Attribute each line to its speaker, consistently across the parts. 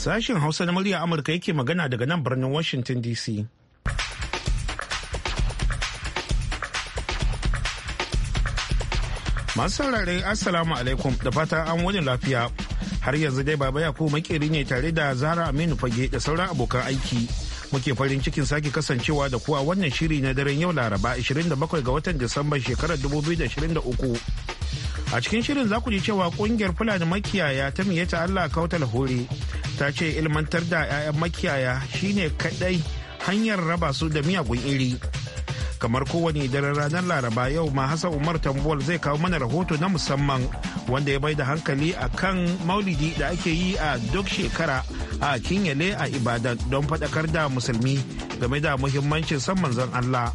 Speaker 1: Sashen Hausa na murya Amurka yake magana daga nan birnin Washington DC. Masu saurare Assalamu alaikum da fata an wani lafiya. Har yanzu dai Baba Yakubu makeri ne tare da Zara Aminu Fage da sauran abokan aiki. Muke farin cikin sake kasancewa da kuwa wannan shiri na daren yau Laraba 27 ga watan Disamba shekarar 2023. a cikin shirin za ku ji cewa kungiyar fulani makiyaya ta ta allah kautal hore ta ce ilmantar da 'ya'yan makiyaya shine kadai hanyar raba su da miyagun iri kamar kowane daren ranar laraba yau ma hassan umar tambuwal zai kawo mana rahoto na musamman wanda ya bai da hankali a kan maulidi da ake yi a duk shekara a kinyale a ibadan don faɗakar da musulmi game da muhimmancin san manzon allah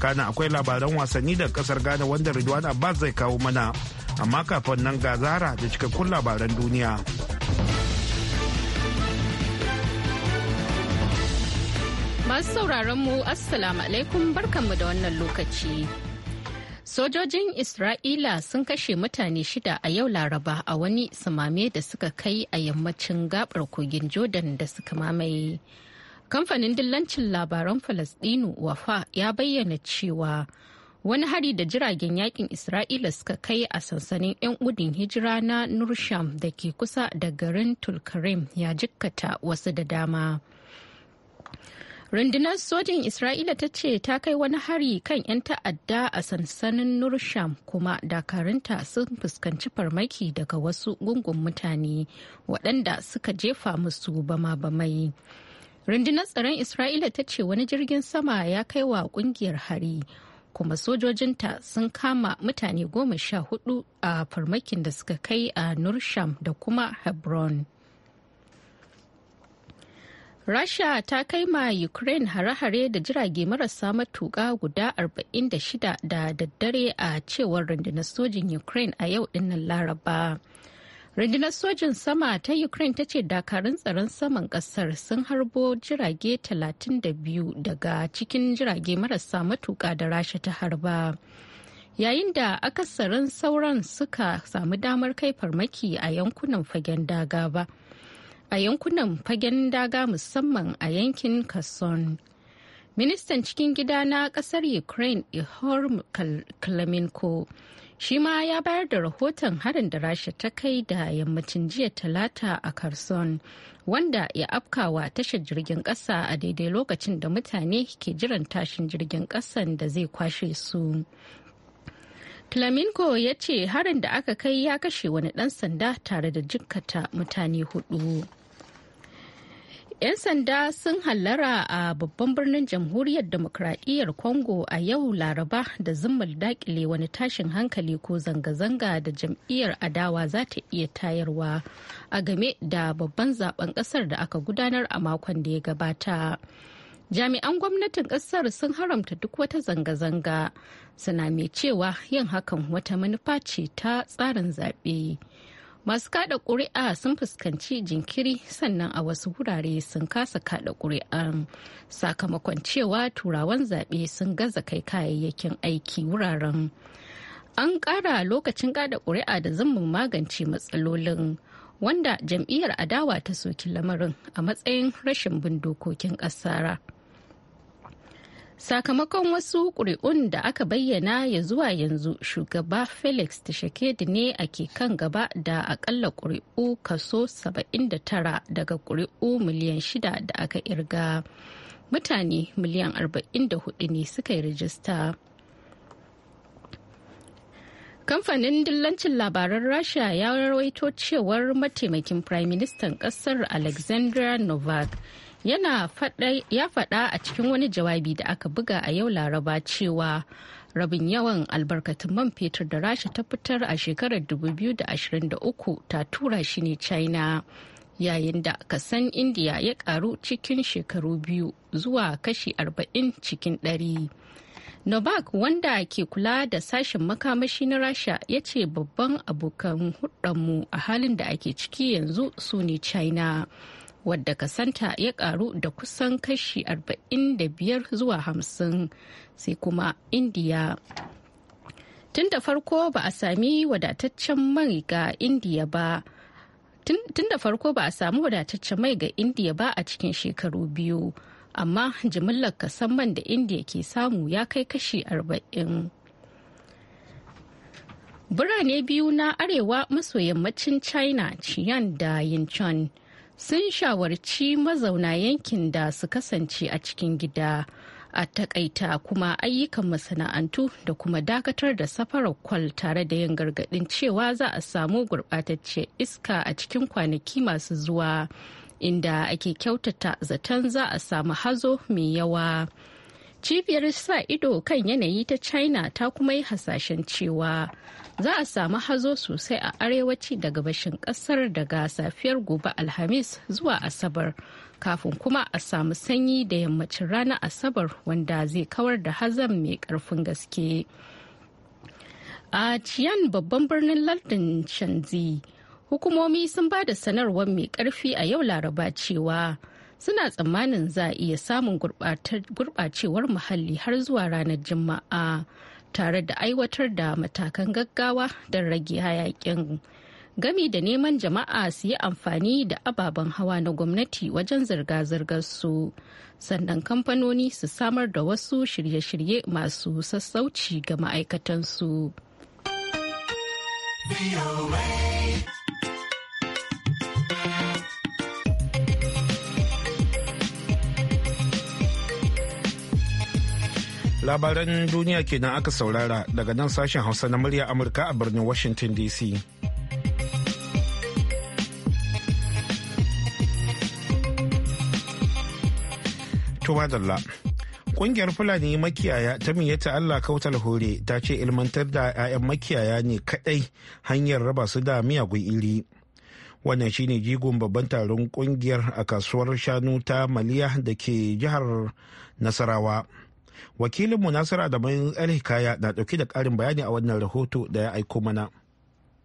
Speaker 1: kana akwai labaran wasanni da kasar ghana wanda ridwan abbas zai kawo mana amma kafin nan ga zara da cikakkun labaran duniya.
Speaker 2: Masu sauraron mu Assalamu alaikum barkanmu da wannan lokaci. Sojojin Isra'ila sun kashe mutane shida a yau Laraba a wani samame da suka kai a yammacin gabar kogin Jordan da suka mamaye. Kamfanin dillancin labaran Falasdinu Wafa ya bayyana cewa wani hari da jiragen yakin isra'ila suka kai a sansanin 'yan gudun hijira na nursham da ke kusa da garin tulkarim ya jikkata wasu da dama rundunar sojin isra'ila ta ce ta kai wani hari kan 'yan ta'adda a sansanin nursham kuma dakarunta sun fuskanci farmaki daga wasu gungun mutane waɗanda suka jefa musu bama-bamai rundunar tsaron isra'ila ta ce wani jirgin sama ya kai wa ƙungiyar hari kuma sojojinta sun kama mutane goma sha hudu a farmakin da suka kai a nursham da kuma hebron rasha ta kai ma ukraine hare-hare da jirage marasa matuƙa guda 46 da daddare a cewar rundunar sojin ukraine a yau dinnan laraba rundunar sojin sama ta ukraine ta ce dakarun tsaron saman kasar sun harbo jirage 32 daga cikin jirage marasa matuka da rasha ta harba yayin da akasarin sauran suka samu damar kai farmaki a yankunan fagen daga ba a yankunan fagen daga musamman a yankin kason ministan cikin gida na kasar ukraine ihor klamenko shi ma ya bayar da rahoton harin da rasha ta kai da yammacin jiya talata a karson wanda ya afkawa tashar jirgin kasa a daidai lokacin da mutane ke jiran tashin jirgin kasan da zai kwashe su flamingo ya ce harin da aka kai ya kashe wani dan sanda tare da jikkata mutane hudu. 'Yan sanda sun hallara a babban birnin jamhuriyar demokradiyyar Congo a yau Laraba da zummul dakile wani tashin hankali ko zanga-zanga da jam'iyyar adawa za ta iya tayarwa a game da babban zaben kasar da aka gudanar a makon da ya gabata. jami'an gwamnatin kasar sun haramta duk wata zanga-zanga suna mai cewa yin hakan wata manufa ce ta tsarin zaɓe masu kada ƙuri'a sun fuskanci jinkiri sannan a wasu wurare sun kasa kada ƙuri'an sakamakon cewa turawan zaɓe sun gaza kai kayayyakin aiki wuraren an ƙara lokacin kada ƙuri'a da zammin magance matsalolin wanda jam'iyyar adawa ta soki lamarin a matsayin rashin bin dokokin ƙasara. sakamakon wasu ƙuri'un da aka bayyana ya zuwa yanzu shugaba felix tshisekedi ne ake kan gaba da akalla ƙuri'u kaso 79 daga ƙuri'u miliyan 6 da aka irga mutane miliyan 44 ne suka yi rijista kamfanin dillancin labaran rasha ya rawaito cewar mataimakin prime ministan kasar alexandra novak yana ya faɗa a cikin wani jawabi da aka buga a yau laraba cewa rabin yawan albarkatun man fetur da rasha ta fitar a shekarar 2023 ta tura shi ne china yayin da kasan indiya ya karu cikin shekaru biyu zuwa kashi 40 cikin 100 novak wanda ke kula da sashen makamashi na rasha ya ce babban abokan hudanmu a halin da ake ciki yanzu su ne china wadda kasanta ya karu da kusan kashi 45 zuwa 50 sai kuma indiya tun da farko ba a sami wadataccen mai ga indiya ba tun da farko ba a sami wadataccen mai ga indiya ba a cikin shekaru biyu amma jimillar kasan man da indiya ke samu ya kai kashi 40 birane biyu na arewa maso yammacin china chiyan da yinchuan sun shawarci mazauna yankin da su kasance a cikin gida a takaita kuma ayyukan masana'antu da kuma dakatar da safarar kwal tare da yin gargadin cewa za a samu gurɓatacciyar iska a cikin kwanaki masu zuwa inda ake kyautata zaton za a samu hazo mai yawa. cibiyar sa ido kan yanayi ta china ta kuma yi hasashen cewa za a samu hazo sosai a arewaci da gabashin kasar daga safiyar gobe alhamis zuwa asabar kafin kuma a samu sanyi da yammacin rana asabar wanda zai kawar da hazan mai karfin gaske a ciyan babban birnin lardin shanzi hukumomi sun ba da sanarwar mai karfi a yau laraba cewa suna tsammanin za a iya samun gurɓacewar muhalli har zuwa ranar Juma'a tare da aiwatar da matakan gaggawa don rage hayakin. Gami da neman jama'a su yi amfani da ababen hawa na gwamnati wajen zirga-zirgar su, sannan kamfanoni su samar da wasu shirye-shirye masu sassauci ga ma'aikatansu.
Speaker 1: labaran duniya kenan aka saurara daga nan sashen hausa na murya amurka a birnin washington dc kungiyar fulani makiyaya ta miyyata allah kautal hore ta ce ilmantar da 'ya'yan makiyaya ne kadai hanyar raba su da miyagun iri wannan shine jigon babban taron kungiyar a kasuwar shanu ta maliya da ke jihar nasarawa wakilinmu nasara da bayan alhikaya na ɗauki da ƙarin bayani a wannan rahoto da ya aiko mana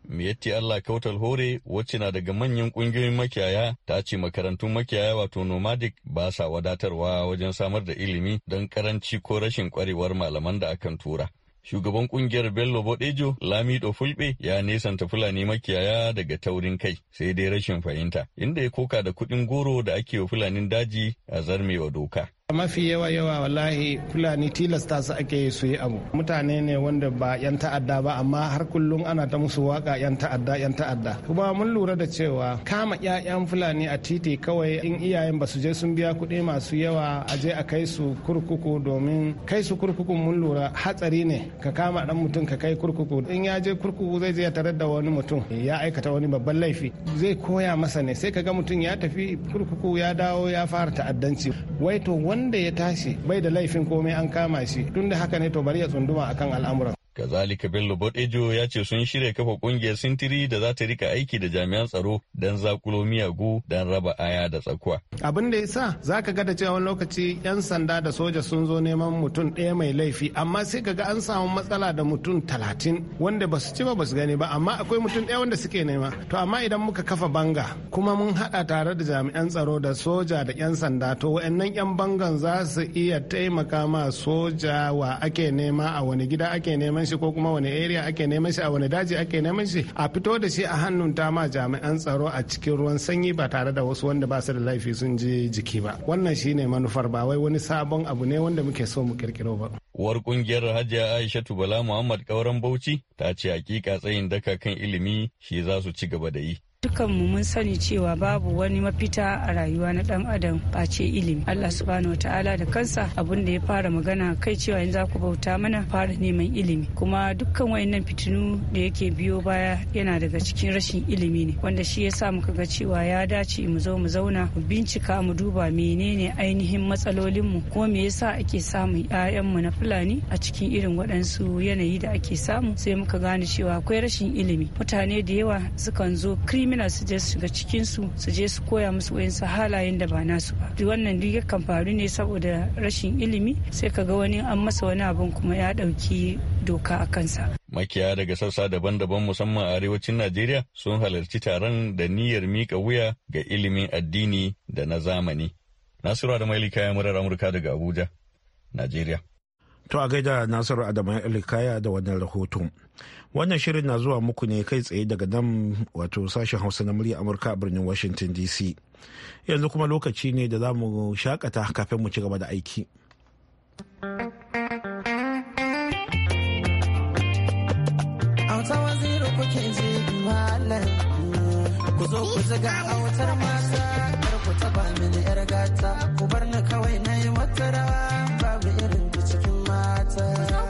Speaker 3: Miyatti Allah Kautal Hore wacce na daga manyan ƙungiyoyin makiyaya ta ce makarantun makiyaya wato nomadic ba sa wadatarwa wajen samar da ilimi don karanci ko rashin kwarewar malaman da akan tura. Shugaban kungiyar Bello Bodejo Lamido Fulbe ya nesanta Fulani makiyaya daga taurin kai sai dai rashin fahimta inda ya koka da kuɗin goro da ake wa Fulanin daji a zarmewa doka.
Speaker 4: mafi yawa yawa wallahi fulani tilasta su ake su yi abu mutane ne wanda ba yan ta'adda ba amma har kullum ana ta musu waka yan ta'adda yan ta'adda kuma mun lura da cewa kama ƴaƴan fulani a titi kawai in iyayen ba su je sun biya kuɗi masu yawa a je a kai su kurkuku domin kai su kurkuku mun lura hatsari ne ka kama ɗan mutum ka kai kurkuku in ya je kurkuku zai je ya tarar da wani mutum ya aikata wani babban laifi zai koya masa ne sai ka ga mutum ya tafi kurkuku ya dawo ya fara ta'addanci wai to wanda ya tashi bai da laifin komai an kama shi tunda haka ne to bari ya tsunduma akan al'amuran
Speaker 3: Kazalika Bello Bodejo ya ce sun shirya kafa kungiyar sintiri da za ta rika aiki da jami'an tsaro don zakulo miyagu don raba aya da tsakuwa.
Speaker 4: Abin da ya sa za ka ga da cewa wani lokaci 'yan sanda da soja sun zo neman mutum ɗaya mai laifi amma sai ka ga an samu matsala da mutum talatin wanda ba su ci ba ba su gani ba amma akwai mutum ɗaya wanda suke nema. To amma idan muka kafa banga kuma mun haɗa tare da jami'an tsaro da soja da 'yan sanda to wa'annan 'yan bangan za su iya taimaka ma soja wa ake nema a wani gida ake neman shi ko kuma wani area ake neman shi a wani daji ake neman shi a fito da shi a hannun ta ma jami'an tsaro a cikin ruwan sanyi ba tare da wasu wanda ba su da laifi sun je jiki ba wannan shi ne manufar ba wai wani sabon abu ne wanda muke so mu kirkiro ba
Speaker 3: uwar kungiyar hajiya aishatu bala muhammad kauran bauchi ta ce hakika tsayin daka kan ilimi shi za su ci gaba da yi
Speaker 2: dukanmu mun sani cewa babu wani mafita a rayuwa na dan adam face ilimi allah subhanahu wataala da kansa abin da ya fara magana kai cewa yanzu ku bauta mana fara neman ilimi kuma dukkan wayannan fitinu da yake biyo baya yana daga cikin rashin ilimi ne wanda shi ya sa muka ga cewa ya dace mu zo mu zauna mu bincika mu duba menene ainihin matsalolin mu ko me yasa ake samun mu na fulani a cikin irin waɗansu yanayi da ake samu sai muka gane cewa akwai rashin ilimi mutane da yawa sukan zo krim krimina su je su ga cikin su su je su koya musu wayansu halayen da ba nasu ba wannan duk yakan faru ne saboda rashin ilimi sai ka ga wani an masa wani abun kuma ya dauki doka a kansa
Speaker 3: makiya daga sassa daban-daban musamman a arewacin najeriya sun halarci taron da niyyar mika wuya ga ilimin addini da na zamani nasiru da mailika ya murar amurka daga abuja
Speaker 1: najeriya To a gaida Nasiru Adamu Alikaya da wannan rahoton. Wannan shirin na zuwa muku ne kai tsaye daga nan wato sashen Hausa na murya Amurka a birnin Washington DC. Yanzu kuma lokaci ne da za mu shakata kafin mu ci gaba da aiki.
Speaker 5: Ku zo ku ziga autar kar ku taba mini 'yar gata, ku bar ni kawai na yi wata
Speaker 6: rawa babu irin fast.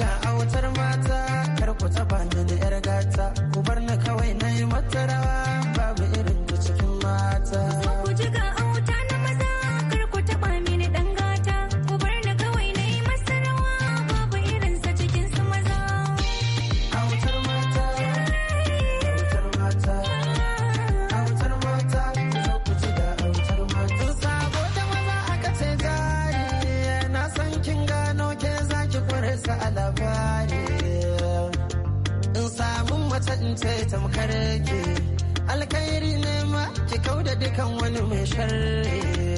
Speaker 6: ga autar mata kar
Speaker 5: ku taba ni da yar gata ku bar ni kawai na akan wani mai sharri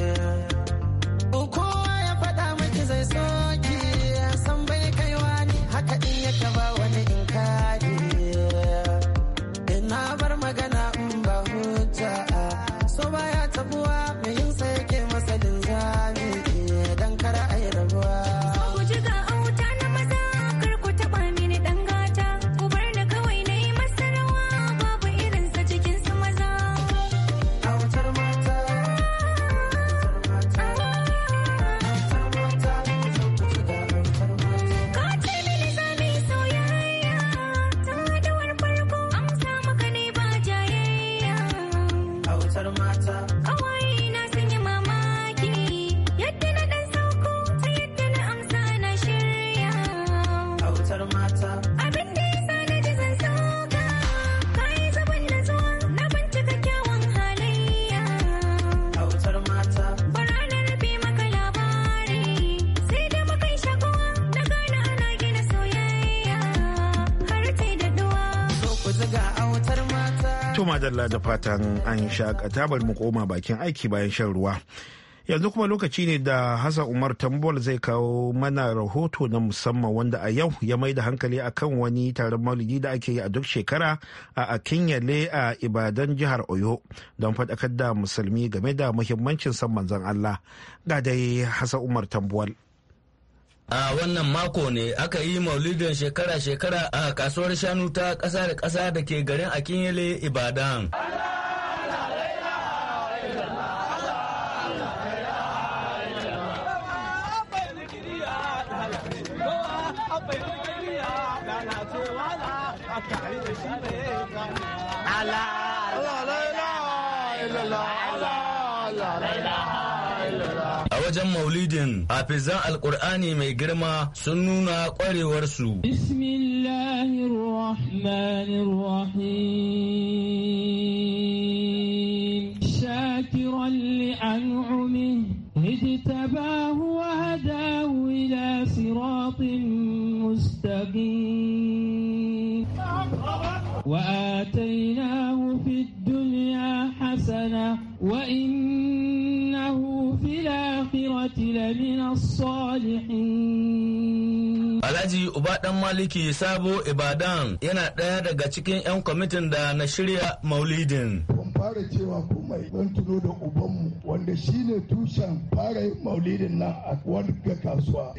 Speaker 1: madalla da fatan an shakata bari mu koma bakin aiki bayan shan ruwa yanzu kuma lokaci ne da hassan umar tambol zai kawo mana rahoto na musamman wanda a yau ya mai da hankali akan wani taron maulidi da ake yi a duk shekara a akinyale a ibadan jihar oyo don faɗakar da musulmi game da muhimmancin san manzon allah ga dai hassan umar tambol
Speaker 7: a wannan mako ne aka yi maulidin shekara-shekara a kasuwar shanu ta ƙasa da ƙasa da ke garin akinyele ibadan. Allah! wajen maulidin hafizan alkur'ani mai girma sun nuna kwarewarsu.
Speaker 5: شاكرا لأنعمه اجتباه وهداه إلى صراط مستقيم لمن
Speaker 8: الصالحين
Speaker 7: Alhaji Uba Maliki Sabo Ibadan yana ɗaya daga cikin 'yan kwamitin da na shirya maulidin.
Speaker 8: Ban fara cewa kuma idan tuno da ubanmu wanda shi ne tushen fara yin maulidin nan a wadda kasuwa.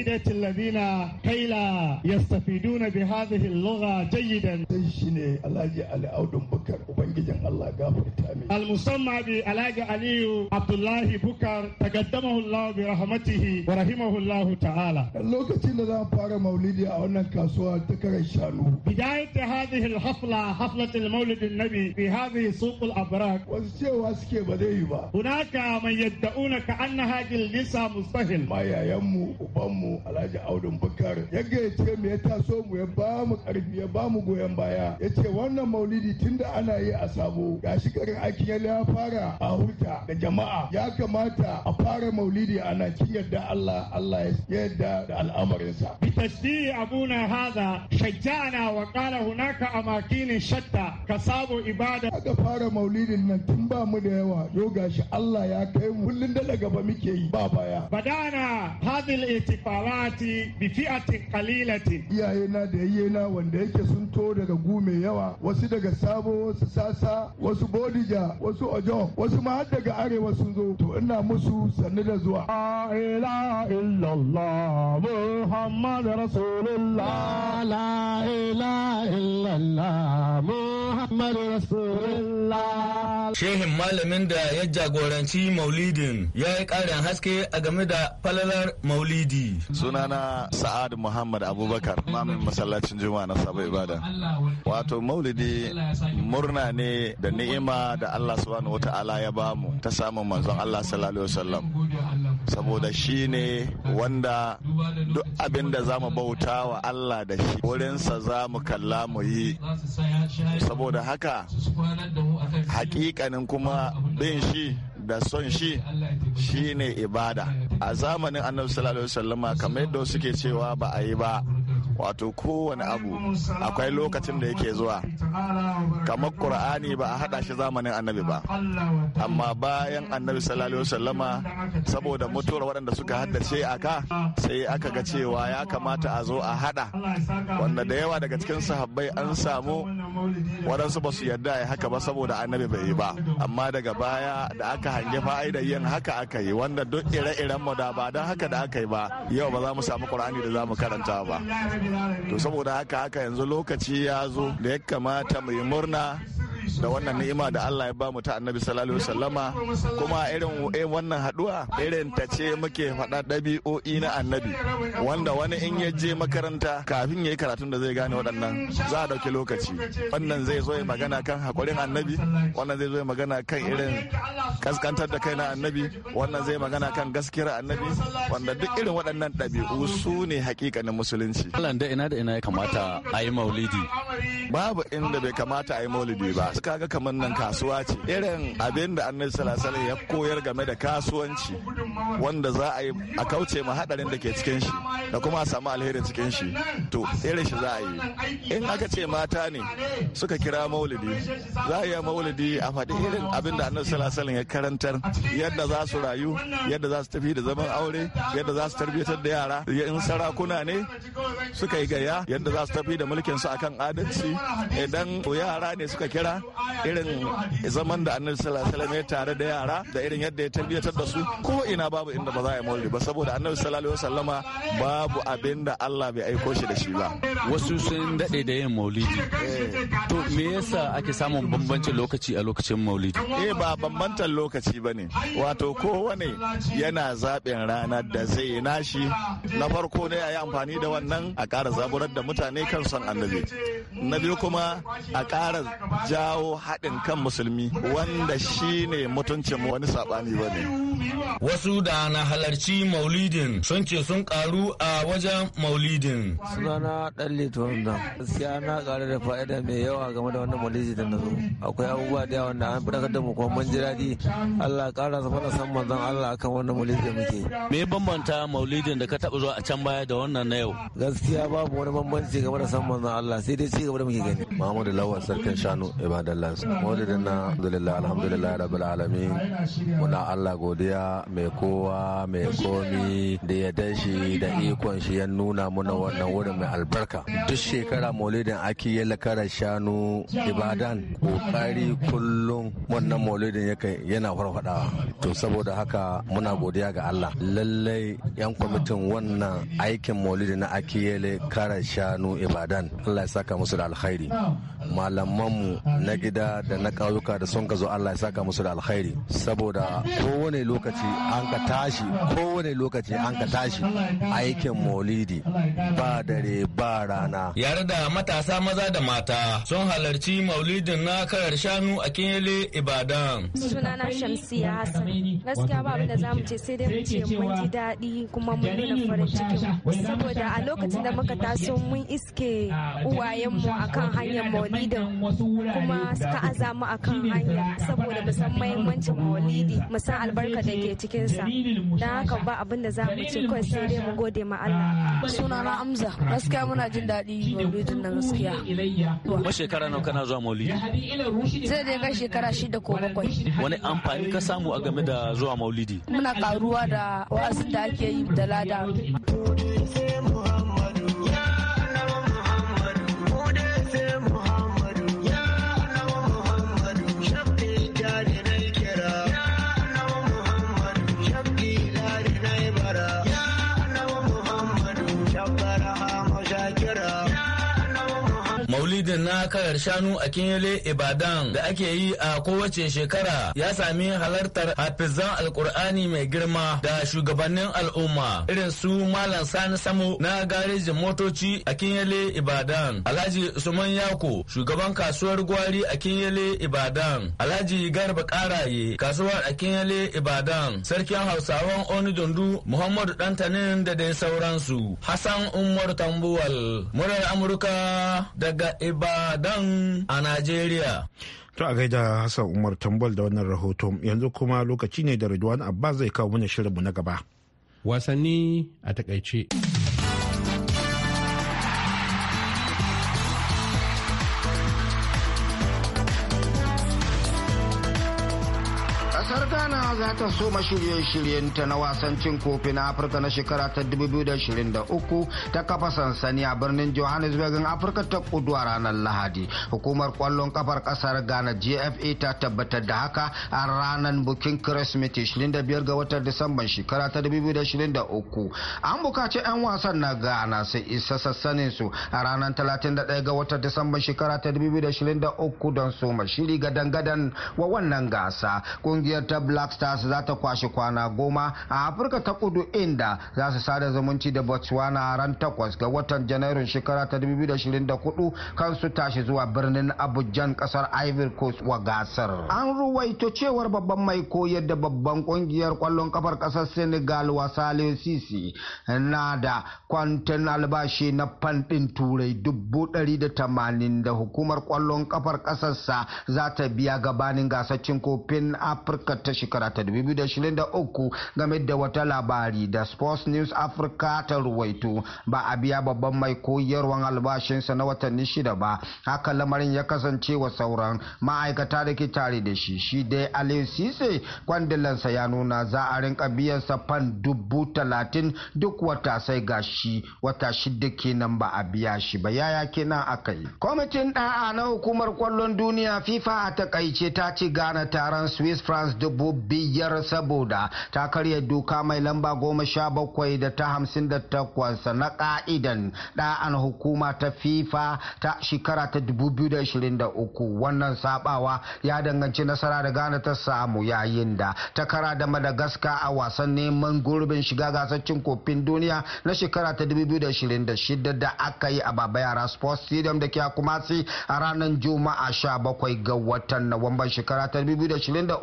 Speaker 8: Idatin ladina kaila ya yastafiduna bi hadhihi lugha jayyidan shine Alhaji Ali Audun Bukar ubangijin Allah gafarta mai al-musamma bi Alhaji Aliyu Abdullahi Bukar taqaddamahu Allah bi rahmatihi wa rahimahullahu ta'ala lokacin da za fara maulidi a wannan kasuwa ta karar shanu bidayat hadhihi al-hafla haflat al-maulid an-nabi fi hadhihi suq al-abrak wasu cewa suke ba zai yi ba hunaka man yadda'una ka annaha jilisa musahil ma yayan mu uban mu Alhaji Audun Bukar ya ce me ya taso mu ya ba mu karfi ya ba mu goyon baya ya ce wannan maulidi tunda ana yi a sabo gashi karin aikin ya fara a huta da jama'a ya kamata a fara maulidi ana cin yadda Allah Allah ya yadda da al'amarinsa bi abuna hada, shajjana wa qala hunaka amakin shatta kasabu ibada aka fara maulidin nan tun ba mu da yawa yo gashi Allah ya kai mu kullun da gaba muke yi ba baya badana hadil itifalati bi fi'atin qalilati iyayena da yayyena wanda yake sun to daga bugu mai yawa wasu daga sabo wasu sasa wasu bodija wasu ojo wasu ma har daga arewa sun zo to ina musu sannu da zuwa la illallah muhammad rasulullah la ilaha illallah Muhammadu Rasulullah. Shehin
Speaker 7: malamin da ya jagoranci maulidin ya yi ƙarin haske a game da falalar maulidi.
Speaker 9: Sunana Sa'ad Muhammad Abubakar, mamin masallacin Juma'a na Sabo Ibadan. Wato maulidi murna ne da ni'ima da Allah subhanahu wa ta'ala ya bamu ta samun manzon Allah sallallahu alaihi wasallam. saboda mhm. shi ne mhm. wanda duk abin da za mu bauta wa Allah da shi wurinsa za mu kalla mu yi saboda haka hakikanin kuma bin shi da son shi shi ne ibada a zamanin annabi sallallahu alaihi wasallama kamar yadda suke cewa ba a yi ba wato kowane abu akwai lokacin da yake zuwa kamar qur'ani ba a hada shi zamanin annabi ba amma bayan annabi sallallahu sallama saboda mutuwar waɗanda suka haddace a ka sai aka ga cewa ya kamata a zo a hada wanda da yawa daga cikin sahabbai an samu waɗansu ba su yarda ya haka ba saboda annabi bai yi ba amma daga baya da aka hange da yin haka aka yi wanda duk ire-iren mu da ba don haka da aka yi ba yau ba za mu samu qur'ani da za mu karanta ba to saboda haka haka yanzu lokaci ya zo da ya kamata mu yi murna da wannan ni'ima da Allah ya bamu ta Annabi sallallahu alaihi wasallama kuma irin eh, wannan haduwa irin ta ce muke faɗa ɗabi'o'i na Annabi wanda wani in ya je makaranta kafin yayi karatun da zai gane waɗannan za a dauki lokaci wannan zai zo ya magana kan hakurin Annabi wannan zai zo ya magana kan irin kaskantar da kai na Annabi wannan zai magana kan gaskiyar Annabi wanda duk irin waɗannan ɗabi'u su ne hakikanin musulunci.
Speaker 7: Allah da ina da ina ya kamata a yi maulidi
Speaker 9: babu inda bai kamata a yi maulidi ba su kaga kamar nan kasuwa ce irin abinda da annabi sallallahu ya koyar game da kasuwanci wanda za a yi a kauce ma hadarin da ke cikin shi da kuma a samu alherin cikin shi to irin shi za a yi in aka ce mata ne suka kira maulidi za a yi maulidi a faɗi irin abin da annabi sallallahu ya karantar yadda za su rayu yadda za su tafi da zaman aure yadda za su tarbiyyatar da yara in sarakuna ne suka yi gaya yadda za su tafi da mulkin su akan adalci idan yara ne suka kira irin zaman da annabi sallallahu ya tare da yara da irin yadda ya tarbiyyatar da su ko ina babu inda ba za a yi maulidi ba saboda annabi sallallahu
Speaker 7: alaihi wasallama babu abinda Allah bai aiko shi da shi ba wasu sun dade da yin maulidi
Speaker 8: eh.
Speaker 7: to me yasa ake samun bambancin lokaci a lokacin maulidi eh ba bambantan lokaci bane wato kowane yana zaɓin rana da zai yi
Speaker 9: nashi na farko ne a yi amfani da wannan a ƙara zaburar da mutane kan son annabi na biyu kuma a ƙara jawo haɗin kan musulmi wanda shi ne mutuncin wani saɓani ba ne
Speaker 7: su da na halarci maulidin sun ce sun karu a wajen maulidin. Sunana ɗan Litinin da gaskiya na karu da fa'ida mai yawa game da wannan maulidin da na zo. Akwai abubuwa da yawa da an fi da mu kuma mun ji daɗi. Allah ƙara su mana san manzon Allah akan wannan maulidin da muke. Me bambanta maulidin da ka taɓa zuwa a can baya da wannan na yau? Gaskiya babu wani bambanci game da san zan Allah sai dai ci gaba da muke gani. Muhammadu Lawal Sarkin Shanu Ibadallah. Maulidin na alhamdulillah alhamdulillah rabbil alamin. Muna Allah godiya mai kowa mai komi da ya shi da ikon shi ya nuna muna wannan wurin mai albarka duk shekara maulidin aki ya lakara shanu ibadan kokari kullum wannan maulidin yana farfadawa to saboda haka muna godiya ga allah lallai yan kwamitin wannan aikin maulidi na akiyele kara shanu ibadan allah ya saka musu da alkhairi malamanmu na gida da na ƙauyuka da sun ka zo allah ya saka musu da alkhairi saboda kowane lokaci an ka tashi kowane lokaci an ka tashi aikin maulidi ba dare ba rana. Yare da matasa maza da mata sun halarci maulidin na karar shanu a Kinyele Ibadan.
Speaker 6: Sunana Shamsiya Hassan. Gaskiya ba abinda za mu ce sai dai mu ce mun ji daɗi kuma mun nuna farin ciki. saboda a lokacin da muka taso mun iske uwayenmu akan hanyar maulidin kuma suka aza mu akan hanya saboda musamman mahimmancin maulidi musan albarka da ke cikinsa. kansa da haka ba abin da za mu ce kawai sai dai mu gode ma Allah ah. suna na amza. gaskiya muna jin daɗi maulidin na gaskiya
Speaker 7: wa shekara nawa kana zuwa maulidi
Speaker 6: zai dai kai shekara shida ko bakwai
Speaker 7: wani amfani ka samu a game da zuwa maulidi
Speaker 6: muna karuwa da wa'azin da ake yi da lada
Speaker 7: sadakar shanu a Kinyele Ibadan da ake yi a kowace shekara ya sami halartar hafizan alkur'ani mai girma da shugabannin al'umma irin su Malam Sani samu. na garejin motoci a Kinyele Ibadan. Alhaji Usman Yako shugaban kasuwar gwari a Kinyele Ibadan. Alhaji Garba Karaye kasuwar a Kinyele Ibadan. Sarkin Hausawan Oni Dundu Muhammadu Dantanin da dai sauransu. Hassan Umar Tambuwal. Murar Amurka daga Ibadan. Dan a Najeriya.
Speaker 1: To a gaida Hassan Umar Tambol da wannan rahoto yanzu kuma lokaci ne da Ridwan Abba zai kawo mana shirinmu na gaba.
Speaker 4: Wasanni a takaice.
Speaker 10: ta soma shirye-shiryenta na wasan cin kofi na afirka na shekara ta 2023 ta kafa sansani a birnin johannesburg afirka ta kudu a ranar lahadi hukumar kwallon kafar kasar ghana gfa ta tabbatar da haka a ranar bukin kirismeti 25 ga watan disamban shekara ta 2023 an bukaci 'yan wasan na ghana su isa sassanin su a ranar 31 ga watan disamban shekara ta 2023 don soma shiri ga dangadan wa wannan gasa kungiyar ta black stars za ta kwashi kwana goma a afirka ta kudu inda za su sada zumunci da botswana ran takwas ga watan janairun shekara ta 2024 kan su tashi zuwa birnin abujan kasar ivory coast wa gasar an ruwaito cewar babban mai koyar da babban kungiyar kwallon kafar kasar senegal wasale sisi na da kwantan albashi na fandin turai dubu dari da tamanin da hukumar kwallon kafar kasarsa za ta biya gabanin gasar cin kofin afirka ta shekara ta 2023 game da wata labari da sports news africa ta ruwaito ba a biya babban mai koyarwan albashinsa na watanni shida ba haka lamarin ya kasance wa sauran ma'aikata da ke tare da shi shi dai aliyu sise kwandilansa ya nuna za a rinka biyansa fan dubu talatin duk wata sai gashi wata shida kenan ba a biya shi ba yaya kenan aka yi kwamitin da'a na hukumar kwallon duniya fifa a takaice ta ci gana taron swiss france dubu biyar biyar saboda ta karya doka mai lamba goma sha bakwai da ta hamsin da takwas na ka'idan da'an hukuma ta fifa ta shekara ta 2023 wannan sabawa ya danganci nasara da ghana ta samu yayin da ta kara da madagascar a wasan neman gurbin shiga gasar cin kofin duniya na shekara ta 2026 da aka yi a baba yara sports stadium da ke kumasi a ranar juma'a 17 ga watan nuwamban shekara ta 2023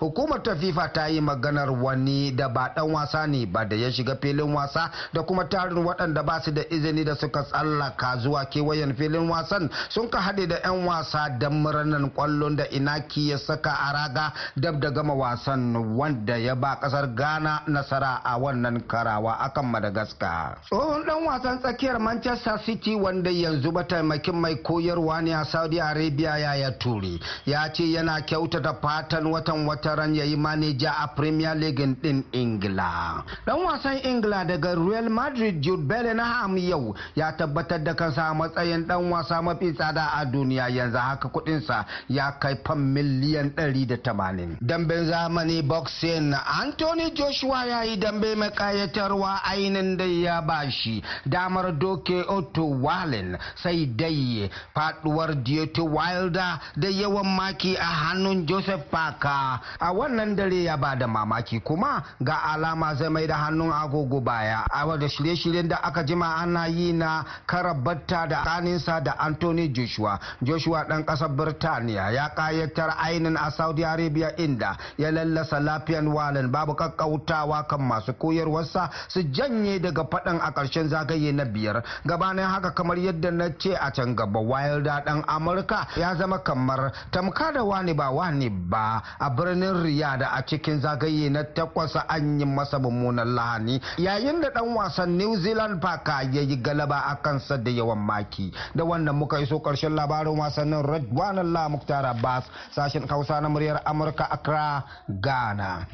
Speaker 10: hukumar ta fifa fifa ta yi maganar wani da ba dan wasa ne ba da ya shiga filin wasa da kuma tarin waɗanda ba su da izini da suka tsallaka zuwa kewayen filin wasan sun ka haɗe da 'yan wasa da murnan kwallon da inaki ya saka a raga dab da gama wasan wanda ya ba ƙasar ghana nasara a wannan karawa akan madagascar tsohon dan wasan tsakiyar manchester city wanda yanzu mataimakin mai koyarwa ne a saudi arabia yaya ture ya ce yana kyautata fatan watan wataran ya yi mani ja a premier league din ingila dan wasan ingila daga real madrid jude bellingham yau ya tabbatar da kansa a matsayin dan wasa mafi tsada a duniya yanzu haka sa ya kai fan miliyan 180 damben zamani boxing anthony joshua ya yi dambe mai kayatarwa ainihin da ya bashi damar doke otto wallen sai dai faduwar dieto wilder da yawan maki a hannun joseph parker a wannan dare ya ba da mamaki kuma ga alama zai mai da hannun agogo baya a wadda shirye-shiryen da aka jima ana yi na karabatta da tsakaninsa da anthony joshua joshua dan kasar birtaniya ya kayatar ainin a saudi arabia inda ya lallasa lafiyan walin babu kakkautawa kan masu koyarwarsa su janye daga faɗan a karshen zagaye na biyar gabanin haka kamar yadda na ce a can gaba wilda dan amurka ya zama kamar tamka wani ba wani ba a birnin riyada a cikin zagaye na takwas an yi masa mummunan lahani yayin da dan wasan new zealand faka ya yi galaba a kansa da yawan maki da wannan muka yi so karshen labarin wasannin redwan allah muktar abbas sashen hausa na muryar amurka accra ghana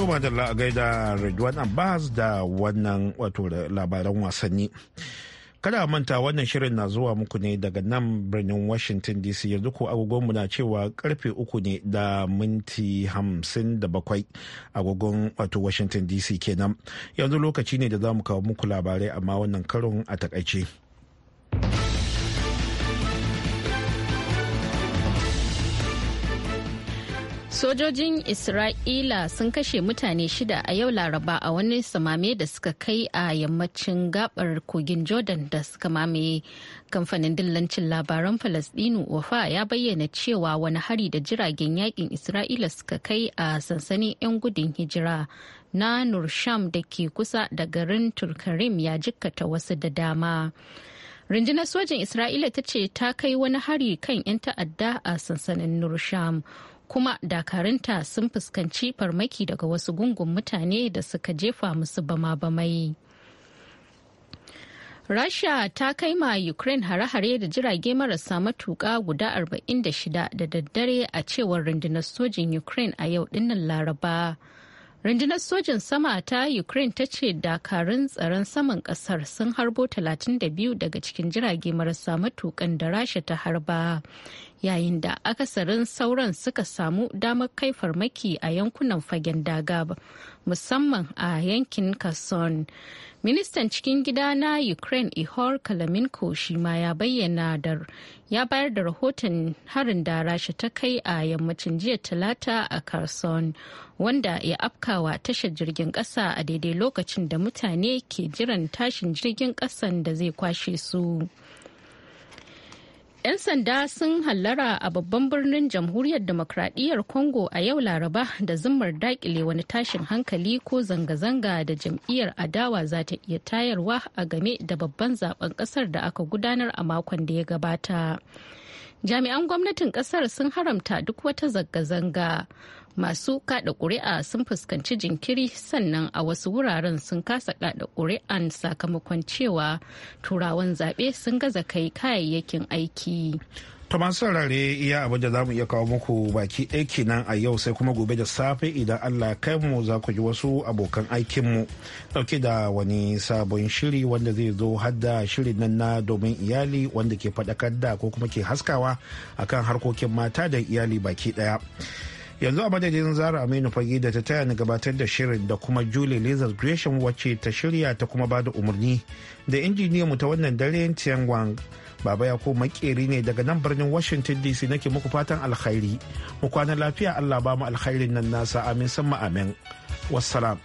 Speaker 1: To da a gaida Redwan Abbas da wannan wato labaran wasanni. Kada a manta wannan shirin na zuwa muku ne daga nan birnin Washington DC yanzu ko agogonmu na cewa karfe uku ne da minti hamsin da bakwai agogon wato Washington DC kenan. Yanzu lokaci ne da za mu kawo muku labarai amma wannan karon a takaice.
Speaker 2: Sojojin Isra'ila sun kashe mutane shida a yau Laraba a wani samame da suka kai a yammacin gabar kogin Jordan da suka mamaye. Kamfanin dillancin labaran Falasdinu Wafa ya bayyana cewa wani hari da jiragen yakin Isra'ila suka kai a sansanin 'yan gudun hijira na Nursham da ke kusa da garin Turkarim ya jikkata wasu da dama. Rundunar sojin Isra'ila ta ce ta kai wani hari kan 'yan ta'adda a sansanin Nursham. kuma dakarunta sun fuskanci farmaki daga wasu gungun mutane da suka jefa musu bama-bamai. Rasha ta kai ma Ukraine hare-hare da jirage marasa matuƙa guda 46 da daddare a cewar rundunar sojin Ukraine a yau dinnan Laraba. Rundunar sojin sama ta Ukraine ta ce dakarun tsaron saman ƙasar sun harbo 32 daga cikin jirage marasa matuƙan da Rasha ta harba, yayin da akasarin sauran suka samu damar kai farmaki a yankunan fagen daga musamman a yankin kason ministan cikin gida na ukraine ihor kalaminko shi ma ya bayyana da ya bayar da rahoton harin da rasha ta kai a yammacin jiya talata a kason wanda ya afkawa tashar jirgin kasa a daidai lokacin da mutane ke jiran tashin jirgin kasan da zai kwashe su 'Yan sanda sun hallara a babban birnin jamhuriyar demokradiyyar Congo a yau Laraba da zummar dakile wani tashin hankali ko zanga-zanga da jam'iyyar adawa za ta iya tayarwa a game da babban zaben kasar da aka gudanar a makon da ya gabata. Jami'an gwamnatin kasar sun haramta duk wata zanga-zanga. masu kada kuri'a sun fuskanci jinkiri sannan a wasu wuraren sun kasa kada kuri'an sakamakon cewa turawan zaɓe sun gaza kai kayayyakin aiki.
Speaker 1: Thomas masu iya abin da za mu iya kawo muku baki ɗaya nan a yau sai kuma gobe da safe idan Allah kai mu za ku ji wasu abokan aikin mu dauke da wani sabon shiri wanda zai zo hadda shirin nan na domin iyali wanda ke faɗakar da ko kuma ke haskawa akan harkokin mata da iyali baki ɗaya. yanzu a madadin zara aminu fage da ta taya ni gabatar da shirin da kuma julie lizard gresham wacce ta shirya ta kuma ba da umarni da injiniya mu ta wannan dare tian baba ya ko makeri ne daga nan birnin washington dc nake muku fatan alkhairi mu kwana lafiya allah ba mu alkhairin nan nasa amin sama amin wassalam